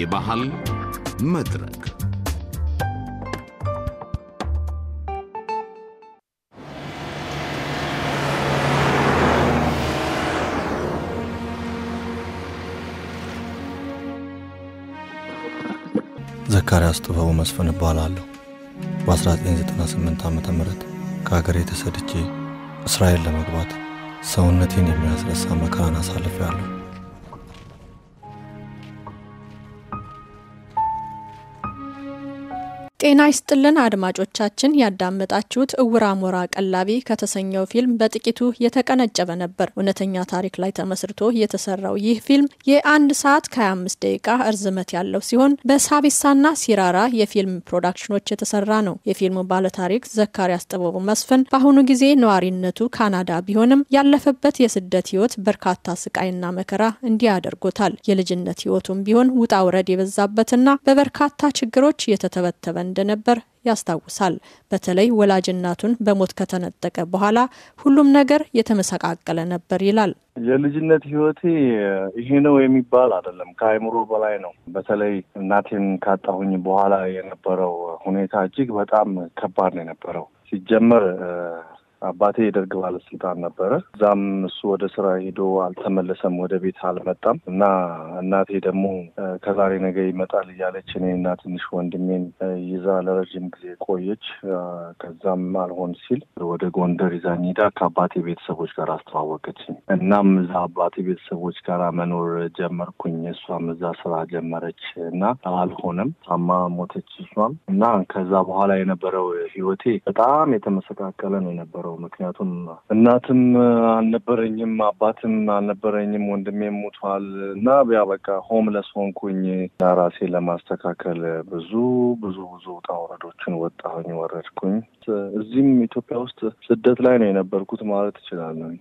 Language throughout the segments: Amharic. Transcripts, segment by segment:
የባህል መድረክ ዘካርያስ ጥበቡ መስፍን እባላለሁ። በ1998 ዓ ም ከሀገሬ ተሰድቼ እስራኤል ለመግባት ሰውነቴን የሚያስረሳ መከራን ያለሁ ጤና ይስጥልን አድማጮቻችን፣ ያዳመጣችሁት እውር አሞራ ቀላቢ ከተሰኘው ፊልም በጥቂቱ የተቀነጨበ ነበር። እውነተኛ ታሪክ ላይ ተመስርቶ የተሰራው ይህ ፊልም የአንድ ሰዓት ከ25 ደቂቃ እርዝመት ያለው ሲሆን በሳቢሳና ሲራራ የፊልም ፕሮዳክሽኖች የተሰራ ነው። የፊልሙ ባለታሪክ ዘካሪያስ ጥበቡ መስፍን በአሁኑ ጊዜ ነዋሪነቱ ካናዳ ቢሆንም ያለፈበት የስደት ህይወት በርካታ ስቃይና መከራ እንዲህ አድርጎታል። የልጅነት ህይወቱም ቢሆን ውጣ ውረድ የበዛበትና በበርካታ ችግሮች የተተበተበ እንደነበር ያስታውሳል። በተለይ ወላጅ እናቱን በሞት ከተነጠቀ በኋላ ሁሉም ነገር የተመሰቃቀለ ነበር ይላል። የልጅነት ህይወቴ ይሄ ነው የሚባል አይደለም፣ ከአይምሮ በላይ ነው። በተለይ እናቴን ካጣሁኝ በኋላ የነበረው ሁኔታ እጅግ በጣም ከባድ ነው የነበረው ሲጀመር አባቴ የደርግ ባለስልጣን ነበረ። እዛም እሱ ወደ ስራ ሄዶ አልተመለሰም፣ ወደ ቤት አልመጣም እና እናቴ ደግሞ ከዛሬ ነገ ይመጣል እያለች እና ትንሽ ወንድሜን ይዛ ለረዥም ጊዜ ቆየች። ከዛም አልሆን ሲል ወደ ጎንደር ይዛኝ ሄዳ ከአባቴ ቤተሰቦች ጋር አስተዋወቀችኝ። እናም እዛ አባቴ ቤተሰቦች ጋር መኖር ጀመርኩኝ። እሷም እዛ ስራ ጀመረች እና አልሆነም፣ ታማ ሞተች እሷም እና ከዛ በኋላ የነበረው ህይወቴ በጣም የተመሰቃቀለ ነው የነበረው ምክንያቱም እናትም አልነበረኝም፣ አባትም አልነበረኝም፣ ወንድሜም ሞቷል እና ያ በቃ ሆምለስ ሆንኩኝ እና ለማስተካከል ብዙ ብዙ ብዙ ውጣ ውረዶችን ወጣሁኝ፣ ወረድኩኝ። እዚህም ኢትዮጵያ ውስጥ ስደት ላይ ነው የነበርኩት ማለት እችላለሁ።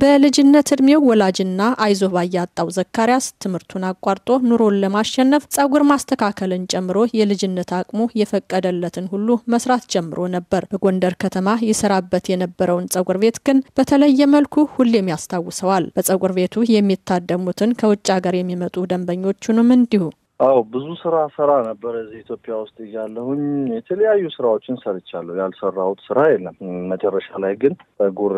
በልጅነት እድሜው ወላጅና አይዞህ ባያጣው ዘካርያስ ዘካሪያስ ትምህርቱን አቋርጦ ኑሮን ለማሸነፍ ጸጉር ማስተካከልን ጨምሮ የልጅነት አቅሙ የፈቀደለትን ሁሉ መስራት ጀምሮ ነበር። በጎንደር ከተማ ይሰራበት የነበረውን ጸጉር ቤት ግን በተለየ መልኩ ሁሌም ያስታውሰዋል። በጸጉር ቤቱ የሚታደሙትን ከውጭ ሀገር የሚመጡ ደንበኞቹንም እንዲሁ አዎ ብዙ ስራ ሰራ ነበር እዚህ ኢትዮጵያ ውስጥ እያለሁኝ የተለያዩ ስራዎችን ሰርቻለሁ። ያልሰራሁት ስራ የለም። መጨረሻ ላይ ግን ጸጉር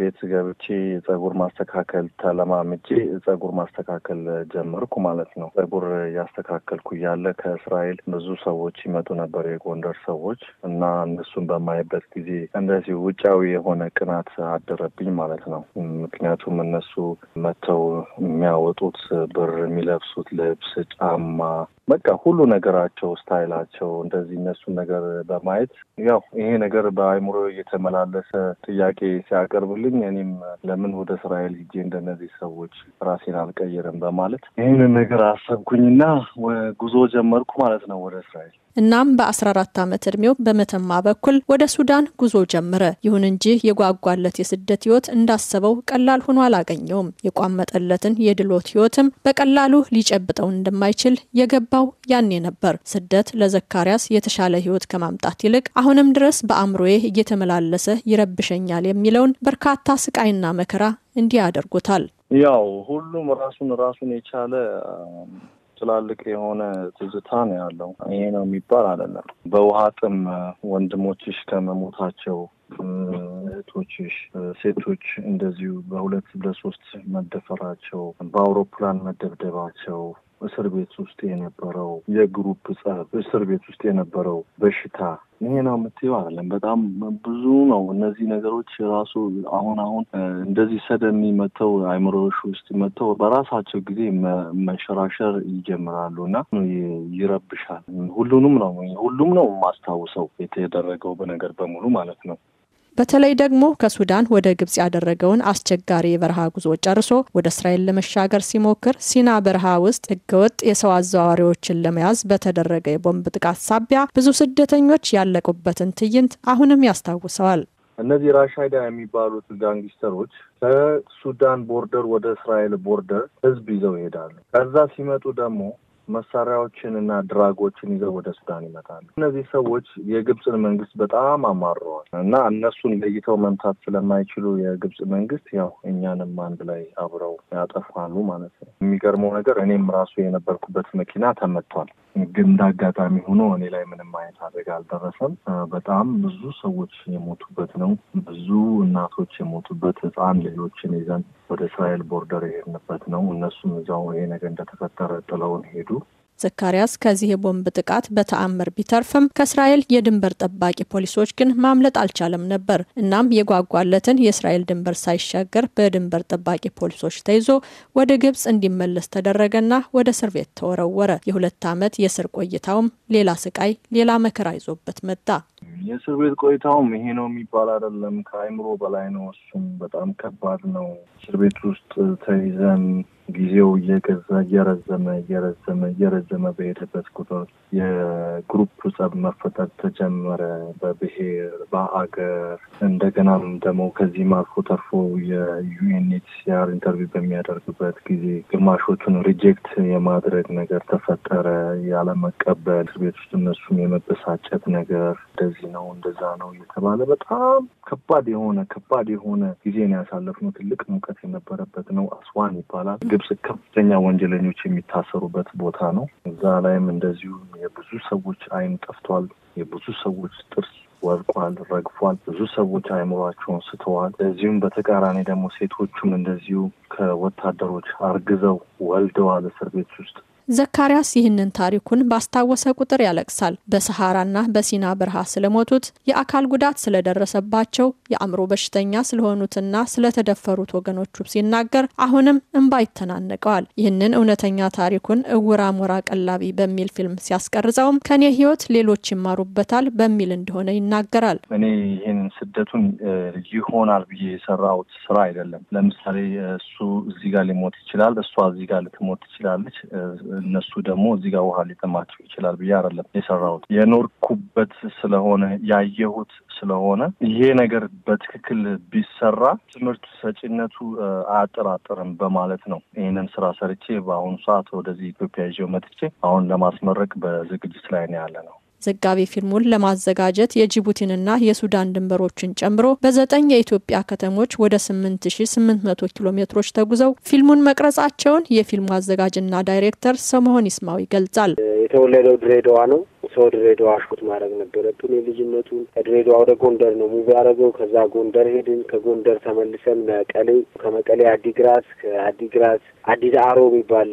ቤት ገብቼ ጸጉር ማስተካከል ተለማምቼ ጸጉር ማስተካከል ጀመርኩ ማለት ነው። ጸጉር እያስተካከልኩ እያለ ከእስራኤል ብዙ ሰዎች ይመጡ ነበር፣ የጎንደር ሰዎች እና እነሱን በማይበት ጊዜ እንደዚህ ውጫዊ የሆነ ቅናት አደረብኝ ማለት ነው። ምክንያቱም እነሱ መጥተው የሚያወጡት ብር፣ የሚለብሱት ልብስ፣ ጫማ 嘛。በቃ ሁሉ ነገራቸው፣ ስታይላቸው እንደዚህ እነሱን ነገር በማየት ያው ይሄ ነገር በአይምሮ እየተመላለሰ ጥያቄ ሲያቀርብልኝ እኔም ለምን ወደ እስራኤል ሂጄ እንደነዚህ ሰዎች ራሴን አልቀይርም በማለት ይህንን ነገር አሰብኩኝና ጉዞ ጀመርኩ ማለት ነው ወደ እስራኤል። እናም በ14 ዓመት ዕድሜው በመተማ በኩል ወደ ሱዳን ጉዞ ጀመረ። ይሁን እንጂ የጓጓለት የስደት ህይወት እንዳሰበው ቀላል ሆኖ አላገኘውም። የቋመጠለትን የድሎት ህይወትም በቀላሉ ሊጨብጠው እንደማይችል የገባ የገባው ያኔ ነበር። ስደት ለዘካሪያስ የተሻለ ህይወት ከማምጣት ይልቅ አሁንም ድረስ በአእምሮዬ እየተመላለሰ ይረብሸኛል የሚለውን በርካታ ስቃይና መከራ እንዲህ ያደርጉታል። ያው ሁሉም ራሱን ራሱን የቻለ ትላልቅ የሆነ ትዝታ ነው ያለው። ይሄ ነው የሚባል አይደለም። በውሃ ጥም ወንድሞችሽ ከመሞታቸው እህቶችሽ ሴቶች እንደዚሁ በሁለት ለሶስት መደፈራቸው፣ በአውሮፕላን መደብደባቸው እስር ቤት ውስጥ የነበረው የግሩፕ ጸብ፣ እስር ቤት ውስጥ የነበረው በሽታ ይሄ ነው የምትይው አይደለም። በጣም ብዙ ነው። እነዚህ ነገሮች ራሱ አሁን አሁን እንደዚህ ሰደሚ መጥተው አይምሮሽ ውስጥ መጥተው በራሳቸው ጊዜ መሸራሸር ይጀምራሉ እና ይረብሻል። ሁሉንም ነው ሁሉም ነው ማስታውሰው የተደረገው በነገር በሙሉ ማለት ነው። በተለይ ደግሞ ከሱዳን ወደ ግብጽ ያደረገውን አስቸጋሪ የበረሃ ጉዞ ጨርሶ ወደ እስራኤል ለመሻገር ሲሞክር ሲና በረሃ ውስጥ ህገወጥ የሰው አዘዋዋሪዎችን ለመያዝ በተደረገ የቦምብ ጥቃት ሳቢያ ብዙ ስደተኞች ያለቁበትን ትዕይንት አሁንም ያስታውሰዋል። እነዚህ ራሻይዳ የሚባሉት ጋንግስተሮች ከሱዳን ቦርደር ወደ እስራኤል ቦርደር ህዝብ ይዘው ይሄዳሉ። ከዛ ሲመጡ ደግሞ መሳሪያዎችን እና ድራጎችን ይዘው ወደ ሱዳን ይመጣሉ። እነዚህ ሰዎች የግብፅን መንግስት በጣም አማረዋል እና እነሱን ለይተው መምታት ስለማይችሉ የግብፅ መንግስት ያው እኛንም አንድ ላይ አብረው ያጠፋሉ ማለት ነው። የሚገርመው ነገር እኔም ራሱ የነበርኩበት መኪና ተመቷል። ግን አጋጣሚ ሆኖ እኔ ላይ ምንም አይነት አደጋ አልደረሰም። በጣም ብዙ ሰዎች የሞቱበት ነው። ብዙ እናቶች የሞቱበት ህፃን ልጆችን ይዘን ወደ እስራኤል ቦርደር የሄድንበት ነው። እነሱም እዛው ይሄ ነገር እንደተፈጠረ ጥለውን ሄዱ። ዘካሪያስ ከዚህ የቦምብ ጥቃት በተአምር ቢተርፍም ከእስራኤል የድንበር ጠባቂ ፖሊሶች ግን ማምለጥ አልቻለም ነበር። እናም የጓጓለትን የእስራኤል ድንበር ሳይሻገር በድንበር ጠባቂ ፖሊሶች ተይዞ ወደ ግብጽ እንዲመለስ ተደረገና ወደ እስር ቤት ተወረወረ። የሁለት ዓመት የእስር ቆይታውም ሌላ ስቃይ፣ ሌላ መከራ ይዞበት መጣ። የእስር ቤት ቆይታውም ይሄ ነው የሚባል አይደለም። ከአይምሮ በላይ ነው። እሱም በጣም ከባድ ነው። እስር ቤት ውስጥ ተይዘን ጊዜው እየገዛ እየረዘመ እየረዘመ እየረዘመ በሄደበት ቁጥር የግሩፕ ጸብ መፈጠር ተጀመረ። በብሔር በሀገር እንደገናም ደግሞ ከዚህም አልፎ ተርፎ የዩኤንኤችሲአር ኢንተርቪው በሚያደርግበት ጊዜ ግማሾቹን ሪጀክት የማድረግ ነገር ተፈጠረ። ያለመቀበል እስር ቤት ውስጥ እነሱም የመበሳጨት ነገር እንደዚህ ነው እንደዛ ነው እየተባለ በጣም ከባድ የሆነ ከባድ የሆነ ጊዜን ያሳለፍነው ትልቅ ሙቀት የነበረበት ነው። አስዋን ይባላል። ግብጽ ከፍተኛ ወንጀለኞች የሚታሰሩበት ቦታ ነው። እዛ ላይም እንደዚሁ የብዙ ሰዎች አይን ጠፍቷል። የብዙ ሰዎች ጥርስ ወድቋል፣ ረግፏል። ብዙ ሰዎች አይምሯቸውን ስተዋል። እዚሁም በተቃራኒ ደግሞ ሴቶቹም እንደዚሁ ከወታደሮች አርግዘው ወልደዋል እስር ቤት ውስጥ ዘካርያስ ይህንን ታሪኩን ባስታወሰ ቁጥር ያለቅሳል። በሰሐራና በሲና በረሃ ስለሞቱት፣ የአካል ጉዳት ስለደረሰባቸው፣ የአእምሮ በሽተኛ ስለሆኑትና ስለተደፈሩት ወገኖቹ ሲናገር አሁንም እንባ ይተናነቀዋል። ይህንን እውነተኛ ታሪኩን እውራ ሞራ ቀላቢ በሚል ፊልም ሲያስቀርጸውም ከኔ ህይወት ሌሎች ይማሩበታል በሚል እንደሆነ ይናገራል። እኔ ይህን ስደቱን ይሆናል ብዬ የሰራሁት ስራ አይደለም። ለምሳሌ እሱ እዚህ ጋር ሊሞት ይችላል፣ እሷ እዚህ ጋር ልትሞት ትችላለች። እነሱ ደግሞ እዚህ ጋር ውሃ ሊጠማቸው ይችላል ብዬ አይደለም የሰራሁት የኖርኩበት ስለሆነ ያየሁት ስለሆነ ይሄ ነገር በትክክል ቢሰራ ትምህርት ሰጪነቱ አያጠራጥርም በማለት ነው ይህንን ስራ ሰርቼ በአሁኑ ሰዓት ወደዚህ ኢትዮጵያ ይዤው መጥቼ አሁን ለማስመረቅ በዝግጅት ላይ ነው ያለ ነው። ዘጋቢ ፊልሙን ለማዘጋጀት የጅቡቲንና የሱዳን ድንበሮችን ጨምሮ በዘጠኝ የኢትዮጵያ ከተሞች ወደ 8800 ኪሎ ሜትሮች ተጉዘው ፊልሙን መቅረጻቸውን የፊልሙ አዘጋጅና ዳይሬክተር ሰሞሆን ይስማው ይገልጻል። የተወለደው ድሬዳዋ ነው። ሰው ድሬዳዋ አሽኩት ማድረግ ነበረብን። የልጅነቱን ከድሬዳዋ ወደ ጎንደር ነው ሙቪ ያደረገው። ከዛ ጎንደር ሄድን። ከጎንደር ተመልሰን መቀሌ፣ ከመቀሌ አዲግራት፣ ከአዲግራት አዲድ አሮ የሚባል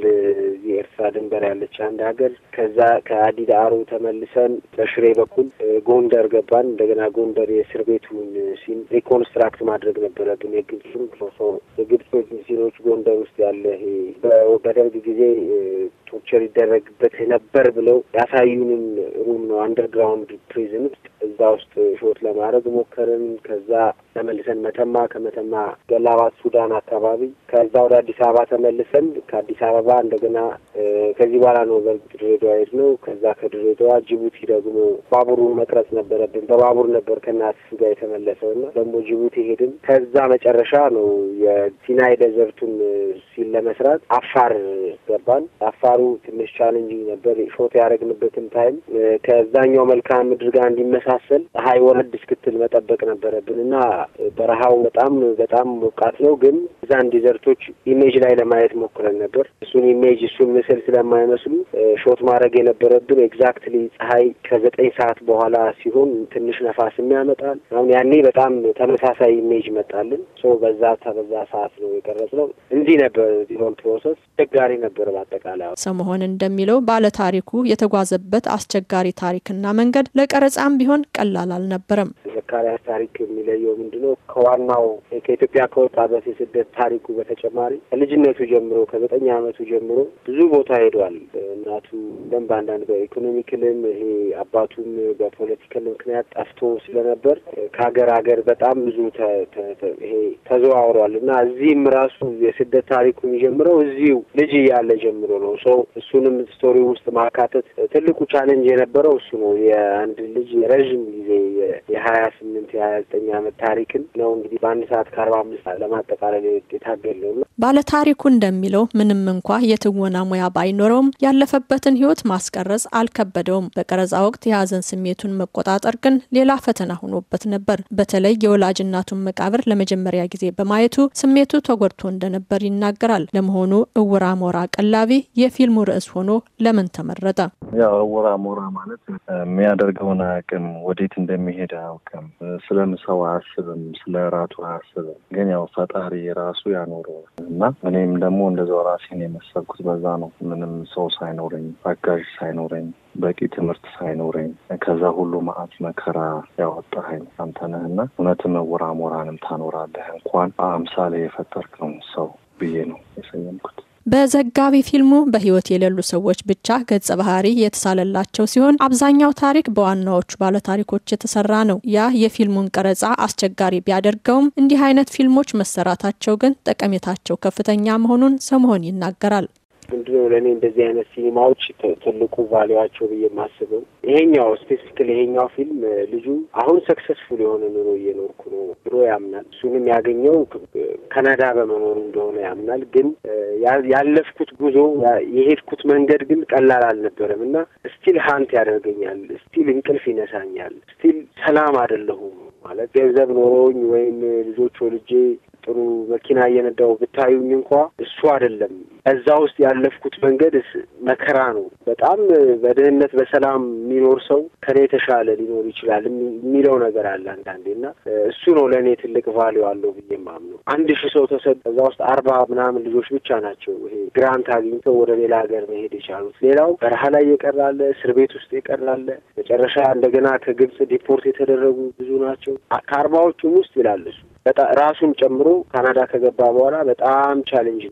የኤርትራ ድንበር ያለች አንድ ሀገር። ከዛ ከአዲድ አሮ ተመልሰን በሽሬ በኩል ጎንደር ገባን። እንደገና ጎንደር የእስር ቤቱን ሲን ሪኮንስትራክት ማድረግ ነበረብን። የግብፁን የግብፅ ሲኖች ጎንደር ውስጥ ያለ በደርግ ጊዜ ቶርቸር ይደረግበት ነበር ብለው ያሳዩንን ሩም ነው አንደርግራውንድ ፕሪዝን ውስጥ እዛ ውስጥ ሾት ለማድረግ ሞከርን። ከዛ ተመልሰን መተማ፣ ከመተማ ገላባት ሱዳን አካባቢ፣ ከዛ ወደ አዲስ አበባ ተመልሰን ከአዲስ አበባ እንደገና ከዚህ በኋላ ነው በእርግጥ ድሬዳዋ ሄድ ነው። ከዛ ከድሬዳዋ ጅቡቲ ደግሞ ባቡሩን መቅረጽ ነበረብን። በባቡር ነበር ከናስ ጋር የተመለሰው እና ደግሞ ጅቡቲ ሄድን። ከዛ መጨረሻ ነው የሲናይ ደዘርቱን ሲል ለመስራት አፋር ገባን። አፋሩ ትንሽ ቻለንጅ ነበር። ፎቶ ያደረግንበትም ታይም ከዛኛው መልክዓ ምድር ጋር እንዲመሳሰል ፀሐይ ወረድ እስክትል መጠበቅ ነበረብን እና በረሃው በጣም በጣም ሞቃት ነው ግን ዛን ዲዘርቶች ኢሜጅ ላይ ለማየት ሞክረን ነበር። እሱን ኢሜጅ እሱን ምስል ስለማይመስሉ ሾት ማድረግ የነበረብን ኤግዛክትሊ ፀሐይ ከዘጠኝ ሰዓት በኋላ ሲሆን ትንሽ ነፋስም ያመጣል። አሁን ያኔ በጣም ተመሳሳይ ኢሜጅ መጣልን። ሶ በዛ ተበዛ ሰዓት ነው የቀረጽነው። እንዲህ ነበር ሆን ፕሮሰስ አስቸጋሪ ነበር። በአጠቃላይ ሰው መሆን እንደሚለው ባለ ታሪኩ የተጓዘበት አስቸጋሪ ታሪክና መንገድ ለቀረጻም ቢሆን ቀላል አልነበረም። የአካሪያስ ታሪክ የሚለየው ነው? ከዋናው ከኢትዮጵያ ከወጣበት የስደት ታሪኩ በተጨማሪ ከልጅነቱ ጀምሮ ከዘጠኝ ዓመቱ ጀምሮ ብዙ ቦታ ሄዷል። እናቱ ደንብ አንዳንድ በኢኮኖሚክልም ይሄ አባቱም በፖለቲካል ምክንያት ጠፍቶ ስለነበር ከሀገር ሀገር በጣም ብዙ ይሄ ተዘዋውሯል እና እዚህም ራሱ የስደት ታሪኩ የሚጀምረው እዚሁ ልጅ እያለ ጀምሮ ነው። ሰው እሱንም ስቶሪ ውስጥ ማካተት ትልቁ ቻሌንጅ የነበረው እሱ ነው። የአንድ ልጅ ረዥም ጊዜ የሀያ ስምንት የሀያ ዘጠኝ አመት ታሪክን ነው እንግዲህ በአንድ ሰዓት ከአርባ አምስት ለማጠቃለል የታገል ነው። ባለታሪኩ እንደሚለው ምንም እንኳ የትወና ሙያ ባይኖረውም ያለፈበትን ህይወት ማስቀረጽ አልከበደውም። በቀረጻ ወቅት የሀዘን ስሜቱን መቆጣጠር ግን ሌላ ፈተና ሆኖበት ነበር። በተለይ የወላጅ እናቱን መቃብር ለመጀመሪያ ጊዜ በማየቱ ስሜቱ ተጎድቶ እንደነበር ይናገራል። ለመሆኑ እውራ ሞራ ቀላቢ የፊልሙ ርዕስ ሆኖ ለምን ተመረጠ? ያው እውራ ሞራ ማለት የሚያደርገውን አቅም ወዴት እንደሚሄድ አያውቅም። ስለ ምሳው አያስብም፣ ስለ እራቱ አያስብም። ግን ያው ፈጣሪ ራሱ ያኖረዋል እና እኔም ደግሞ እንደዛው ራሴን የመሰልኩት በዛ ነው። ምንም ሰው ሳይኖረኝ፣ አጋዥ ሳይኖረኝ፣ በቂ ትምህርት ሳይኖረኝ ከዛ ሁሉ መዓት መከራ ያወጣኸኝ አንተ ነህና እውነትም ዕውራ ሞራንም ታኖራለህ እንኳን አምሳሌ የፈጠርከውን ሰው ብዬ ነው የሰየምኩት። በዘጋቢ ፊልሙ በህይወት የሌሉ ሰዎች ብቻ ገጸ ባህሪ የተሳለላቸው ሲሆን አብዛኛው ታሪክ በዋናዎቹ ባለታሪኮች የተሰራ ነው። ያ የፊልሙን ቀረጻ አስቸጋሪ ቢያደርገውም እንዲህ አይነት ፊልሞች መሰራታቸው ግን ጠቀሜታቸው ከፍተኛ መሆኑን ሰሞሆን ይናገራል። ምንድነው ለእኔ እንደዚህ አይነት ሲኒማዎች ትልቁ ቫሊዋቸው ብዬ የማስበው ይሄኛው ስፔሲፊካል ይሄኛው ፊልም ልጁ አሁን ሰክሰስፉል የሆነ ኑሮ እየኖርኩ ነው ብሎ ያምናል። እሱንም ያገኘው ካናዳ በመኖሩ እንደሆነ ያምናል። ግን ያለፍኩት ጉዞ የሄድኩት መንገድ ግን ቀላል አልነበረም እና ስቲል ሀንት ያደርገኛል፣ ስቲል እንቅልፍ ይነሳኛል፣ ስቲል ሰላም አይደለሁም ማለት ገንዘብ ኖሮኝ ወይም ልጆች ወልጄ ጥሩ መኪና እየነዳው ብታዩኝ እንኳ እሱ አይደለም። እዛ ውስጥ ያለፍኩት መንገድ መከራ ነው። በጣም በድህነት በሰላም የሚኖር ሰው ከኔ የተሻለ ሊኖር ይችላል የሚለው ነገር አለ አንዳንዴ እና እሱ ነው ለእኔ ትልቅ ቫሊዮ አለው ብዬ ማምነው። አንድ ሺህ ሰው ተሰድ እዛ ውስጥ አርባ ምናምን ልጆች ብቻ ናቸው ይሄ ግራንት አግኝተው ወደ ሌላ ሀገር መሄድ የቻሉት። ሌላው በረሃ ላይ የቀራለ እስር ቤት ውስጥ የቀራለ መጨረሻ እንደገና ከግብጽ ዲፖርት የተደረጉ ብዙ ናቸው ከአርባዎቹም ውስጥ ይላል እሱ በጣም ራሱን ጨምሮ ካናዳ ከገባ በኋላ በጣም ቻሌንጅ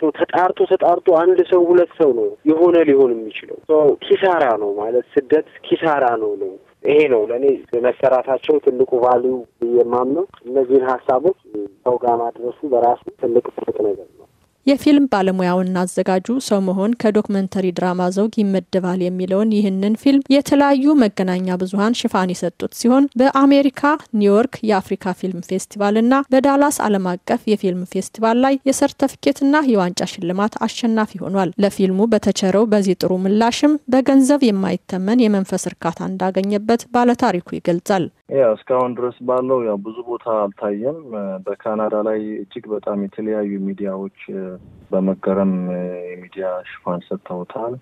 ሰው ተጣርቶ ተጣርቶ አንድ ሰው ሁለት ሰው ነው የሆነ ሊሆን የሚችለው። ኪሳራ ነው ማለት ስደት ኪሳራ ነው ነው ይሄ ነው ለእኔ መሰራታቸው ትልቁ ቫሊዩ የማምነው እነዚህን ሀሳቦች ሰው ጋር ማድረሱ በራሱ ትልቅ ትልቅ ነገር ነው። የፊልም ባለሙያውና አዘጋጁ ሰው መሆን ከዶክመንተሪ ድራማ ዘውግ ይመደባል የሚለውን ይህንን ፊልም የተለያዩ መገናኛ ብዙሀን ሽፋን የሰጡት ሲሆን በአሜሪካ ኒውዮርክ የአፍሪካ ፊልም ፌስቲቫልና በዳላስ ዓለም አቀፍ የፊልም ፌስቲቫል ላይ የሰርተፍኬትና የዋንጫ ሽልማት አሸናፊ ሆኗል። ለፊልሙ በተቸረው በዚህ ጥሩ ምላሽም በገንዘብ የማይተመን የመንፈስ እርካታ እንዳገኘበት ባለታሪኩ ይገልጻል። ያ እስካሁን ድረስ ባለው ያው ብዙ ቦታ አልታየም። በካናዳ ላይ እጅግ በጣም የተለያዩ ሚዲያዎች በመገረም የሚዲያ ሽፋን ሰጥተውታል።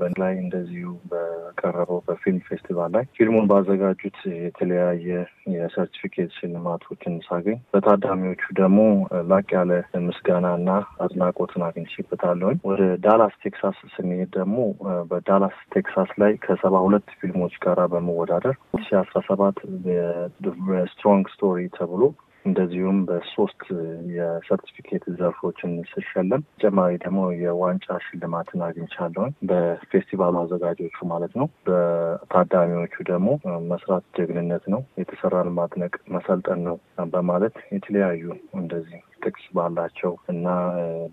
በላይ እንደዚሁ በቀረበው በፊልም ፌስቲቫል ላይ ፊልሙን ባዘጋጁት የተለያየ የሰርቲፊኬት ሽልማቶችን ሳገኝ በታዳሚዎቹ ደግሞ ላቅ ያለ ምስጋናና አድናቆትን አግኝቼበታለሁ። ወደ ዳላስ ቴክሳስ ስንሄድ ደግሞ በዳላስ ቴክሳስ ላይ ከሰባ ሁለት ፊልሞች ጋራ በመወዳደር ሺ አስራ ሰባት ስትሮንግ ስቶሪ ተብሎ እንደዚሁም በሶስት የሰርቲፊኬት ዘርፎችን ስሸለም ተጨማሪ ደግሞ የዋንጫ ሽልማትን አግኝቻለሁኝ በፌስቲቫሉ አዘጋጆቹ ማለት ነው። በታዳሚዎቹ ደግሞ መስራት ጀግንነት ነው፣ የተሰራን ማድነቅ መሰልጠን ነው በማለት የተለያዩ እንደዚህ ጥቅስ ባላቸው እና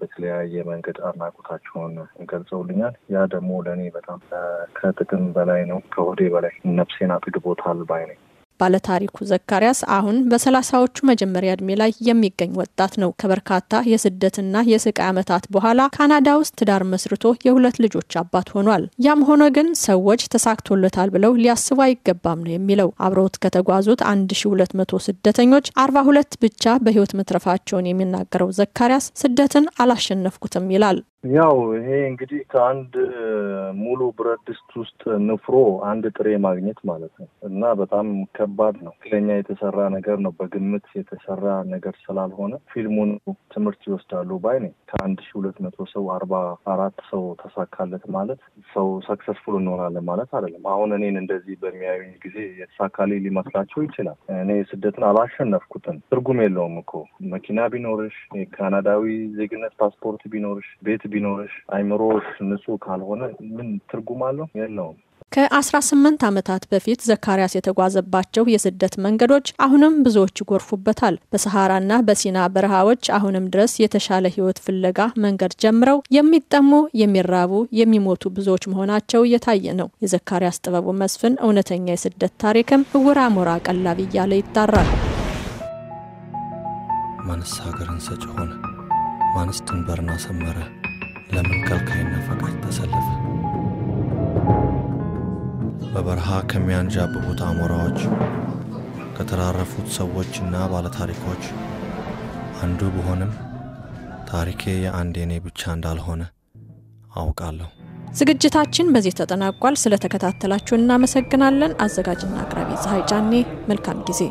በተለያየ መንገድ አድናቆታቸውን ገልጸውልኛል። ያ ደግሞ ለእኔ በጣም ከጥቅም በላይ ነው፣ ከሆዴ በላይ ነፍሴን አጥግቦታል ባይ ነኝ። ባለታሪኩ ዘካሪያስ አሁን በሰላሳዎቹ መጀመሪያ እድሜ ላይ የሚገኝ ወጣት ነው። ከበርካታ የስደትና የስቃይ ዓመታት በኋላ ካናዳ ውስጥ ትዳር መስርቶ የሁለት ልጆች አባት ሆኗል። ያም ሆኖ ግን ሰዎች ተሳክቶለታል ብለው ሊያስቡ አይገባም ነው የሚለው። አብረውት ከተጓዙት 1200 ስደተኞች 42 ብቻ በህይወት መትረፋቸውን የሚናገረው ዘካሪያስ ስደትን አላሸነፍኩትም ይላል። ያው ይሄ እንግዲህ ከአንድ ሙሉ ብረት ድስት ውስጥ ንፍሮ አንድ ጥሬ ማግኘት ማለት ነው እና በጣም ከባድ ነው። ክለኛ የተሰራ ነገር ነው። በግምት የተሰራ ነገር ስላልሆነ ፊልሙን ትምህርት ይወስዳሉ ባይ ነኝ። ከአንድ ሺ ሁለት መቶ ሰው አርባ አራት ሰው ተሳካለት ማለት ሰው ሰክሰስፉል እንሆናለን ማለት አይደለም። አሁን እኔን እንደዚህ በሚያዩኝ ጊዜ የተሳካሌ ሊመስላቸው ይችላል። እኔ ስደትን አላሸነፍኩትም። ትርጉም የለውም እኮ መኪና ቢኖርሽ፣ የካናዳዊ ዜግነት ፓስፖርት ቢኖርሽ፣ ቤት ቢኖርሽ አይምሮሽ ንጹህ ካልሆነ ምን ትርጉም አለው? የለውም። ከ18 ዓመታት በፊት ዘካሪያስ የተጓዘባቸው የስደት መንገዶች አሁንም ብዙዎች ይጎርፉበታል። በሰሐራና በሲና በረሃዎች አሁንም ድረስ የተሻለ ሕይወት ፍለጋ መንገድ ጀምረው የሚጠሙ የሚራቡ፣ የሚሞቱ ብዙዎች መሆናቸው እየታየ ነው። የዘካርያስ ጥበቡ መስፍን እውነተኛ የስደት ታሪክም እውራ ሞራ ቀላቢ እያለ ይጣራል። ማንስ ሀገርን ሰጭ ሆነ? ማንስ ድንበርን አሰመረ? ለመከልከይና ፈቃድ ተሰለፈ። በበረሃ ከሚያንዣብቡት አሞራዎች፣ ከተራረፉት ሰዎችና ባለታሪኮች አንዱ ብሆንም ታሪኬ የአንድ የኔ ብቻ እንዳልሆነ አውቃለሁ። ዝግጅታችን በዚህ ተጠናቋል። ስለተከታተላችሁ እናመሰግናለን። አዘጋጅና አቅራቢ ፀሐይ ጫኔ። መልካም ጊዜ